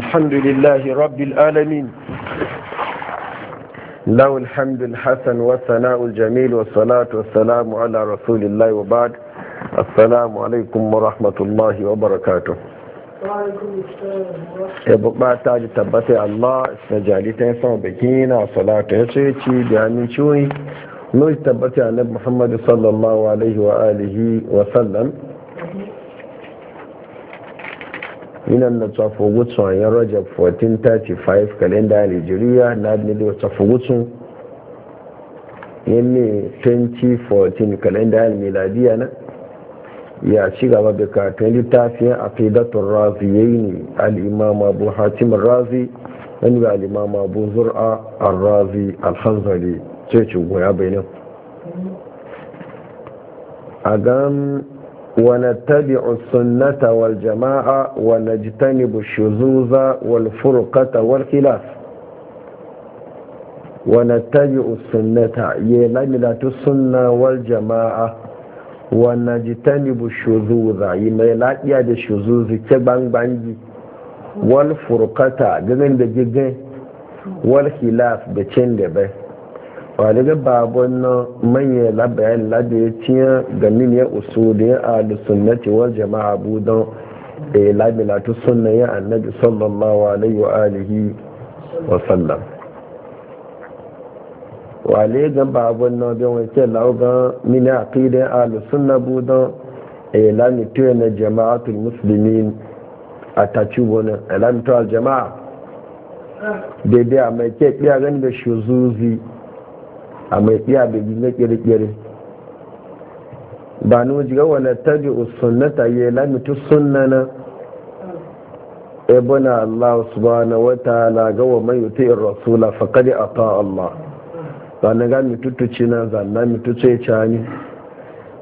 الحمد لله رب العالمين له الحمد الحسن والثناء الجميل والصلاة والسلام على رسول الله وبعد السلام عليكم ورحمة الله وبركاته ya bukata ji tabbata Allah na jalita ya sama biki a salata ya ce ci da aminci wani nuri tabbata na Muhammadu sallallahu alaihi wa alihi wa sallam inan na tsafogutsun a yan rajab 1435 kalenda nigeria na da tsafogutsun yin ne 2014 kalenda miladiya na ya ci gaba da katon littafin ya raziyaini al-imam abu hatim razi wani ga al abu zur'a razi alhanzari hanzali ce ci goya a gan ونتبع السنة والجماعة ونجتنب الشذوذ والفرقة والخلاف ونتبع السنة يلملة السنة والجماعة ونجتنب الشذوذ يميلات يد الشذوذ كبان بانجي والفرقة جنن دجيجين والخلاف بچند دبه waliga ga babon nan manyan labayan lada ya ciye ga miliyan usuli a da sunnati wa jama'a budon da e ya lamilatu sunna ya annabi sallallahu alaihi wa alihi wa sallam wale ga babon nan bin wace lauga miliyan a da sunna budon da e ya lamitu na jama'atul muslimin a tachibonin e lamitu al jama'a daidai a mai ke kiyayen da shuzuzi a mai tsiya da bi kere-kere ba ni jiga gawa na tabi usunnata ya lamitu sunnana ibuna Allah na wa ta'ala gawa mai yuti rasula faqad ata Allah ba na ga mitutuci na zanna tutu ya cani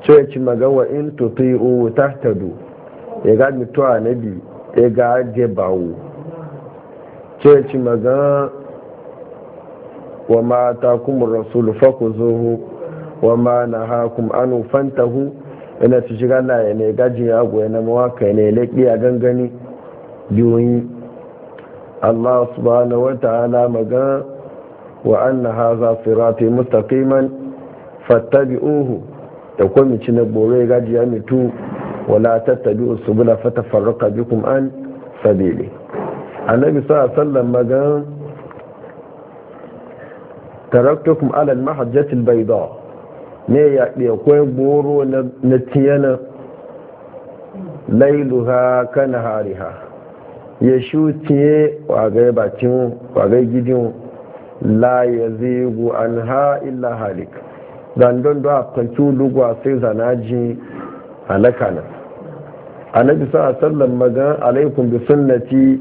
so ya ci magawa in tuti'u tahtadu ya ga mitu ya ga je na so ya ci magana wa ma ta kuma rasulu faku zuhu wa na hakum anu fantahu ina su shiga na ya ne gaji ya goya na mawaka ne laƙi a gangani biyoyi Allah subhanahu wa ta'ala magana wa anna haza sirati mustaqiman fattabi'uhu da kuma ci na bore gaji ya mitu wala tattabi'u subula fatafarraqa bikum an sabili annabi sallallahu alaihi wasallam magana taraktukum ala al-mahajjatil bayda ne ya ɗaya kwai goro na tiyana lailuha kana hariha ya shu tiye wagai bakin wagai gidin la ya zigu an ha illa halik zandon da a lugwa sai zanaji halaka nan annabi sa sallan magan alaikum bi sunnati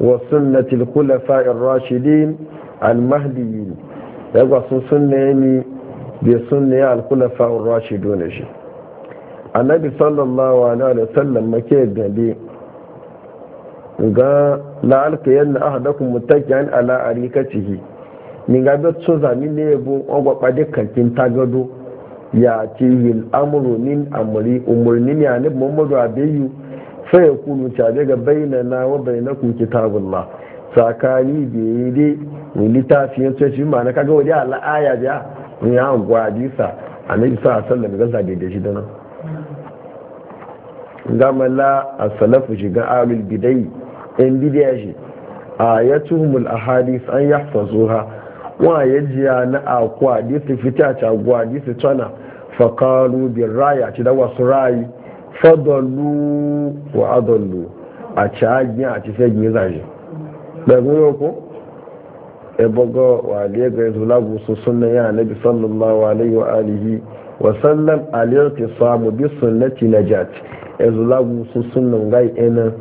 wa sunnati al-khulafa ar-rashidin al-mahdiyyin yagwa sun sunne ya mi bai sunne ya alkula fa'un rashi dole shi annabi sallallahu alaihi wa sallam make gabe ga na yanna ahadakum muttaki'an ala arikatihi ni ga bi tso zami ne bu ogwa pade kankin tagado ya ti yil amru min amri umurni ya ne muhammadu abiyu fa yakunu ta daga bainana wa bainakum kitabullah tsakani biye dai littafi ya ce shi ma na kaga wajen al'aya biya in ya a jisa a na isa sallam ga da shi da gama la a salafu shiga alul bidai in bidiya shi a ya tuhumul ahadis an ya ha wa ya jiya na akwa hadisi fita ta agwa hadisi tana fakalu bin raya ci da wasu rayu fadalu wa adalu a ci a ci sai zaje daga yau ko ya bago wa da ga yanzu lagu su sunna ya nabi sallallahu alaihi wa alihi wa sallam aliyar ke samu bi sunnati najat yanzu lagu su sunna gai ina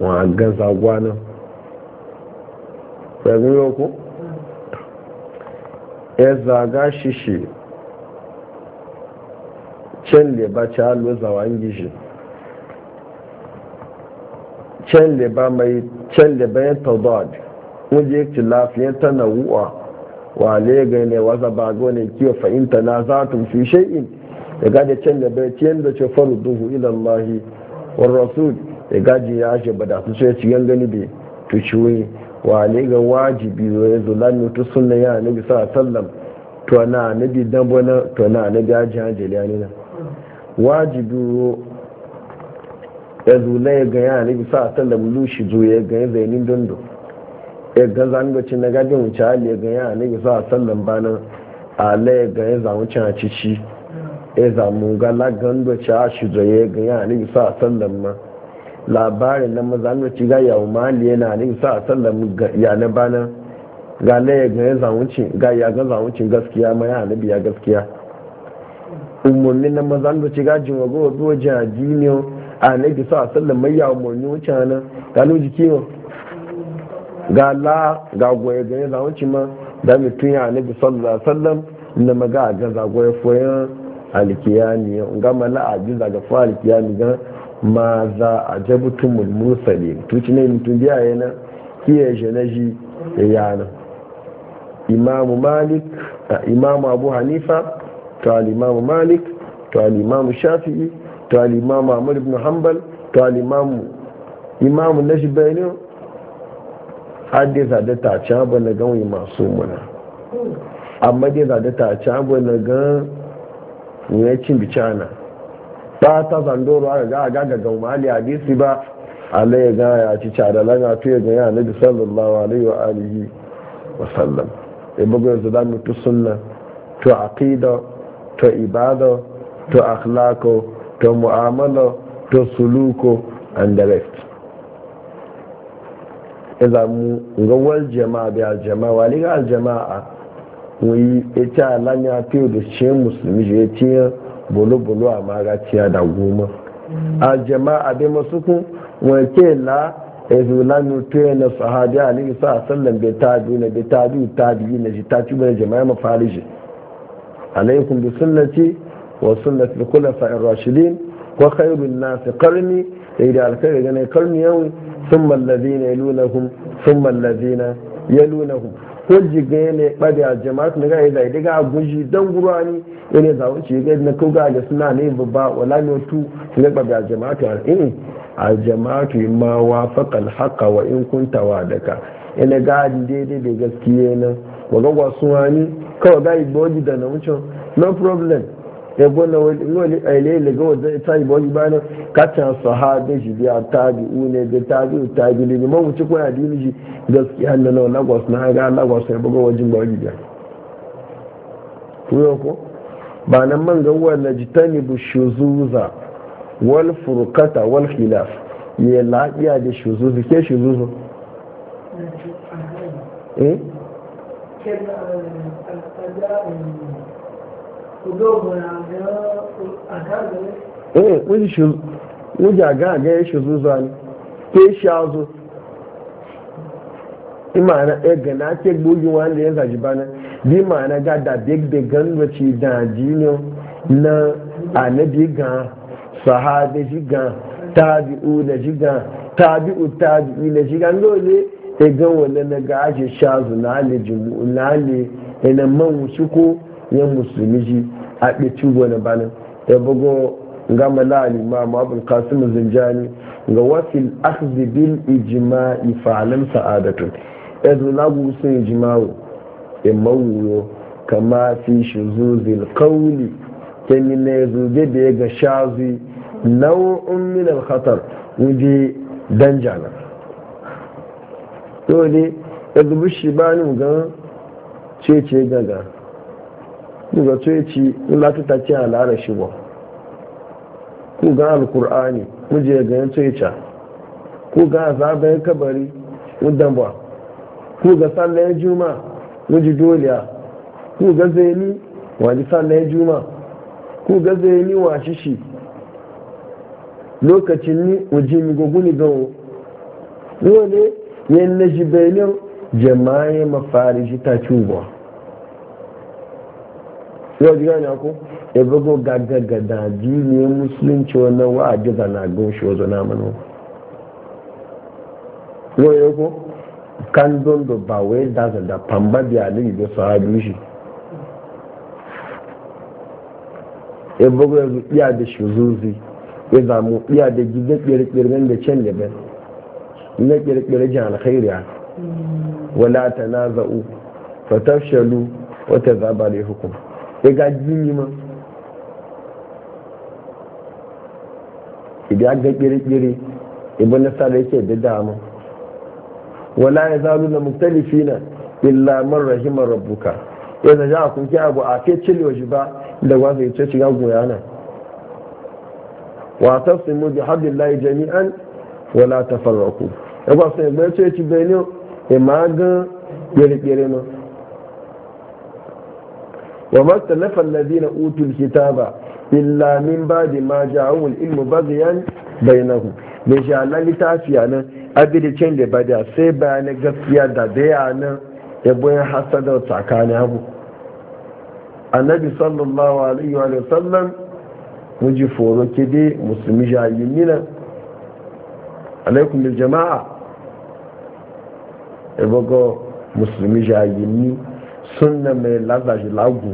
wa gan zagwana daga yau ko ya zaga shi shi can leba ci halwa an gishi can ba mai can liba ya taubad wanda ya lafiyar ta nawuwa wa ga ne wasa ba ga wani kiyo fahimta na za ta fi shay'in ya gaje can liba ya ci da ce faru duhu ilallahi wa rasul ya gaji ya ce ba da su ce ci gangani bai tuciwe wa ga wajibi zo ya zo lami tu sunna ya nabi sallam to na nabi dan bana to na nabi ajin ajali ne wajibi ya zula ya ganya a nabi sa da bulu shi zo ya ganya zainin dondo ya ga zanubacin na gadin wuce hali ya ganya a nabi sa banan a ala ya ganya zamucin a cici ya zamu ga lagan a shi zo ya ganya a nabi sa da ma. labarin na mazanubaci ga yawon mali yana a nabi sa da lamma ya na banan ga na ya zamucin ga ya ga zamucin gaskiya ma ya anabi ya gaskiya umarni na mazanubaci gajin wa gowa gowa jihadi ne a sa sallan mai yawon umarni wuce na ga lo jiki ma ga la ga goye gane za wuce ma da mutum ya na sallan sallan na maga a gaza goye foyan alkiyami ga mala a ji zaga fa alkiyami ga ma za a jabutun mulmusalin tuci ne mutum biya yana kiyar janaji na yana imamu malik imamu abu hanifa to al imamu malik to al imamu shafi'i to al'imamu amur ibn hanbal to al'imamu imamu na shi bayanin Hadiza da ta ci abu na gan masu muna amma dai za da ta ci abu na gan ya cin bicana ba ta zandoro a ga ga ga ga mali hadisi ba Allah ya ga ya ci cara lana to ya ga ya nabi sallallahu alaihi wa alihi wa sallam e bugu yanzu da mutu sunna to aqida to ibada to akhlaqo ta mu'amala ta suluko and the rest iza mu ga jama'a bi aljama'a Wani wali ga al jama'a mu yi ita alanya fiye da ce musulmi je tiya bolo bolo a magaciya mm. da goma al jama'a bi masu kun ke la ezu lanu tuye na sahabi alayhi sa sallam bi tabi na bi tabi tabi na ji tabi na jama'a mafarishi alaikum bi sunnati وسنة الخلفاء الراشدين وخير الناس قرني إذا الخير قرني يوم ثم الذين يلونهم ثم الذين يلونهم hujji ga ne bari a jama'at na gaya da daga agunji dan gurani ne za wuce ga na kuga da suna ne babba wala ne tu ne bari a jama'at ya ini a jama'at ma wafaqa al wa in da ka. ina ga daidai da gaskiya nan wa ga wasu wani kawai ga da na wucin no problem ebona wani aile eh, daga wanda ta yi wani bana kata sahabe shi biya tabi une da tabi tabi ne man wuce ko adini shi gaskiya na na lagos na ga lagos sai buga wajen ba wani biya kuyo ko ba nan man ga wala jitani bu shuzuza wal furqata wal khilaf ya la'iya da shuzuzu ke shuzuzu eh E, ee wuji aga aga ya shizu zuwa ne ke shi azu imana ɗaya ga na ke gbogin ya zaji bana bi ga da big big na anabi gan sahabe shi gan tabi'u na shi na ga aje shazu na ale jimu e na ale ina man ya musulmi ji a ɗaci wani ya bugo ga malali ma mabul kasim zinjani ga wasu akhzi ijima'i ijma'i sa'adatun sa'adatu e ezu lagu sun ijma'u in e mawuyo kama fi shuzuzil qawli kenni ne zube da ga shazi nau'un min al khatar wuje danjana dole ba e bishi mu ga ce ce gaga daga tsoyaci ina ta tace a lara shi ba ku ga alkur'ani muje ga yan tsoyaca ku ga azabayen kabari mudan ba ku ga sallayen juma muje doliya ku ga zaini juma ku ga zaini wa shishi lokacin ni ujin guguni gawo dole yan na jibenin jama'ai mafari shi ta cuba yau ji gane ku ya bugo gagagada ne musulunci wani wa a da na gunshi wazo na manu yau ya ku kan don da ba wai da da pamba biya ne da sahabi shi ya bugo ya iya da shi zuzi ya zamu iya da gida ƙirƙirin da can da ben na ƙirƙirin jihar alkhairiya mm. wala ta na za'u fatafshalu wata zaba da hukum Sai ga jini ma idan ga kiri ibn nasara yake da dama wala ya zalu na muktalifina illa man rahimar rabbuka yana ja kun ki abu a ke cile shi ba da wasu ya ce shiga goyana wa tasimu bi hablillahi jami'an wala tafarraqu ya ba sai bai ce ci bayani e ma ga kiri na wa mastalafa allazina utul kitaba illa min ba'di ma ja'awul ilmu baghyan bainahum me shi Allah littafi nan abidi can da bada sai bayanin gaskiya da daya nan ya bayan hasada tsakanin abu annabi sallallahu alaihi wa sallam muji foro kide musulmi jayimina alaikum bil jama'a ebogo musulmi jayimina sunna mai lazashi lagu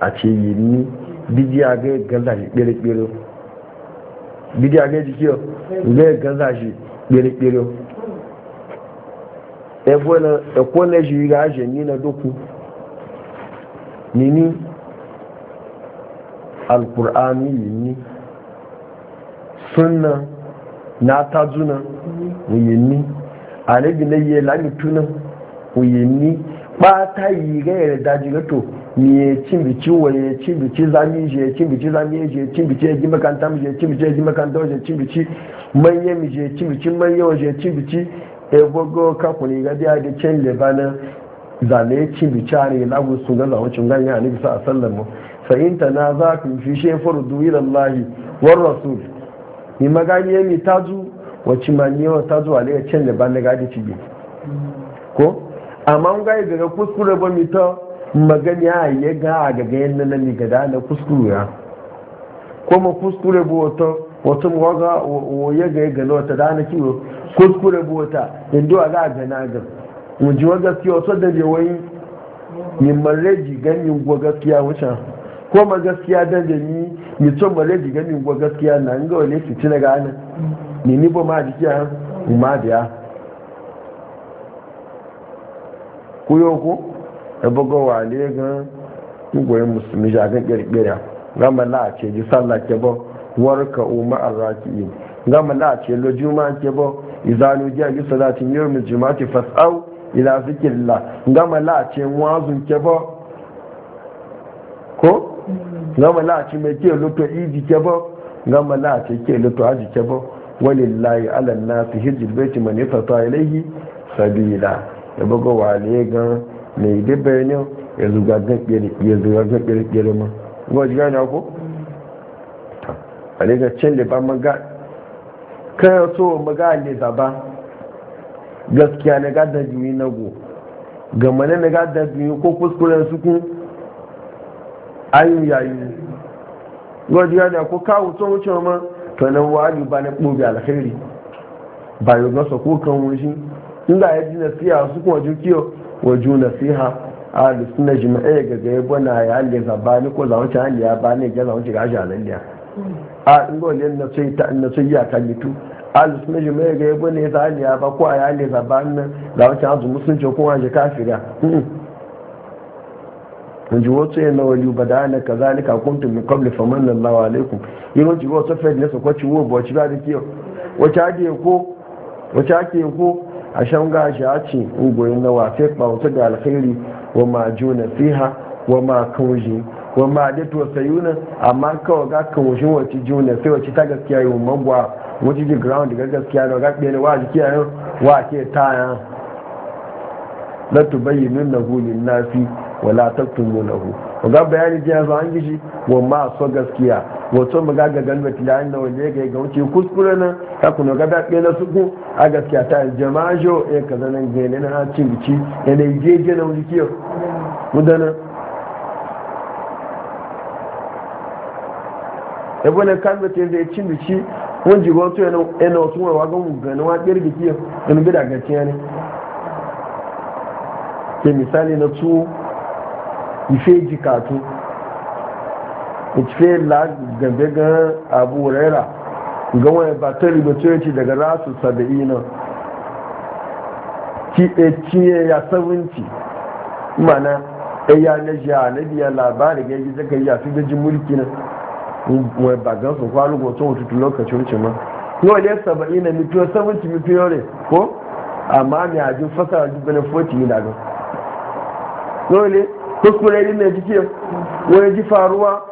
a ce yi ni bidiyage ga ganza shi kpere-kpere bidiya ga jiki ga ganza shi kpere-kpere e e na shi ga ni na doku nini alkur'ani yi ni sunna na tajuna yi ni anabi na yi lamitu na yi ni bata yi ga yarda daji ga to ye cin bici wa ye cin bici zami je cin bici zami je cin bici ya gima kanta mu je cin bici ya gima kanta je cin bici manye mi je cin bici manye wa je cin bici e gogo ka kuni ga dia ga cin le bana zale cin bici ne lagu su ga zawo cin ganya annabi sallallahu alaihi wasallam fa za tanazakum fi shay fardu da lahi war rasul ni magani mi ta tazu wacce maniyo tazu ale cin le na, ga di cibi ko amma ga daga kuskure ba mi ta magani a yi ga a gaga yadda na mi gada na kuskure ya kuma kuskure ba wata wata waga ya ga ya gano wata dana kiwo kuskure ba wata inda a ga gana ga mu ji wa gaskiya wata da bai wani yin jigan ganin gwa gaskiya wuce ko ma gaskiya da ni yi to mare jigan yin gwa gaskiya na nga wale fiti daga nan ni ni ba ma jikiya ma ya kuyoko da bugowa ne gan goyi musulmi shafin kirkira gama la ce ji sallah ke ba warka umar arraki gama la ce lo juma ke ba izanu ji a yi salatin mu juma ke fasau ila zikirla gama la ce wazun ke ba ko gama la ce mai ke luto iji ke ba gama la ce ke luto aji ke ba walillahi ala nasi hijjil baiti man ilaihi sabila ya buga wale gan mai dibbe ne ya zuga gan kirkiri ma ga ji gani ako ale ga cin da ba maga kan so maga ne zaba gaskiya na gadan jini na go gama na gadan jini ko kuskuren sukun ayu yayu ga ji gani ako kawo tsohon wuce ma to nan wani ba na ɓobe alheri. ba yi gasa ko kan wuce in za ji nasiha su kuma ju kiyo wa ju nasiha a da suna jima'a ya ga ya bana ya halle zabani ko zawon can halle ya bani ya shiga shi a nan a in ga wani na na sai ya kan a da suna jima'a ga ya bana ya ya ba ko a ya nan can musulunci ko a shi kafira in ji wasu yana wali ba da ana ka zalika kuntum min qabli famanna Allahu alaikum yiro ji wasu fa ne su kwaci wo ba ci ba da kiyo wace ake ko wace ake ko a shan gashi a ce ugoyin na wafe bauta da alkhairi wa ma juna fiha wa ma kauji wa ma da sayuna amma kawai ga kaushin wace juna sai wace ta gaskiya yi magwa wace ji ground ga gaskiya da ga ɗaya wa jiki yayin wa ke taya la tubayyinu lahu lin nasi wa la taktumu lahu ga bayani jiya zo an gishi wa ma so gaskiya wato mu ga ga ganin da an da wanda yake ga wuce kuskure nan ta ku ga da na suku a gaskiya ta jama'a jo e kaza nan gele na ha cin bici e ne je je na wuce kiyo mudana e bone kan da te zai cin bici won ji wato yana yana e wasu wa ga mu ga na wa kirgi kiyo in e bi da gaciya ne ke misali na tuwo ife jikatu ife la gabe ga abu raira ga wani batari da coci daga rasu saba'ina ki etiye ya 70 mana e ya na jiya na biya labari ga yi zaka ya fi gajin mulki na wai ba gan su kwano goto wata lokacin wuce ma yau ne saba'ina mito 70 mito ne ko amma mai hajji fasa hajji bane 40 na gan dole kuskure ne mai jike wani ji faruwa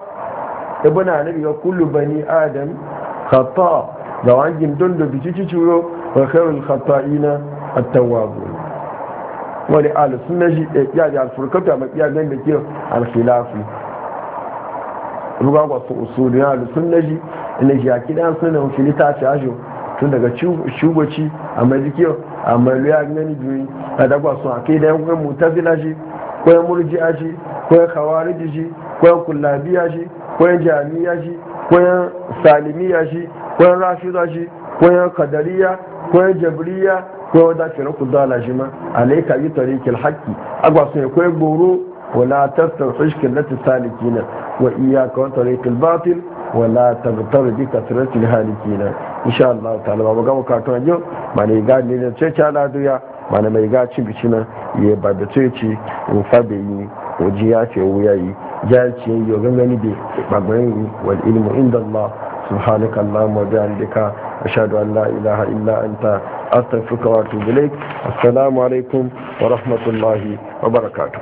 da bana nabi ga kullu bani adam khata da wangin don da bi ciki ciro, wa khairul khata'ina at-tawwabu wani ahlus sunna eh, ji ya da alfurkatu amma ya ganda ke al-khilafi ruga ga su usulun ahlus sunna ji ne ji akida sunan filita ta ajo tun daga shubaci amma jike amma ya gani biyu da dagwa sun akida yan mutazila ji ko ya murji'a shi ko ya khawariji shi ko ya kullabiya shi ko ya jami'a shi ko ya salimiya shi ko ya shi ko ya kadariya ko ya jabriya ko ya wadace na kudala shi ma alaika yi tarikin haƙƙi agwa sun ko ya goro wala tastar fishkin na tisalikina wa iyaka tarikin batil wala tabbatar da tabtar bi haliki na insha Allah ta'ala ba kato a yau ma ne ga ne na ce ala duya ma ne mai ga cin na ye ba da ce ci in fabe yi waje ya ce wuya yi jahilci yi yau gani da babban yi wal ilmu inda Allah subhanaka Allahumma wa bihamdika ashhadu an Allah ilaha illa anta astaghfiruka wa atubu assalamu alaikum wa rahmatullahi wa barakatu.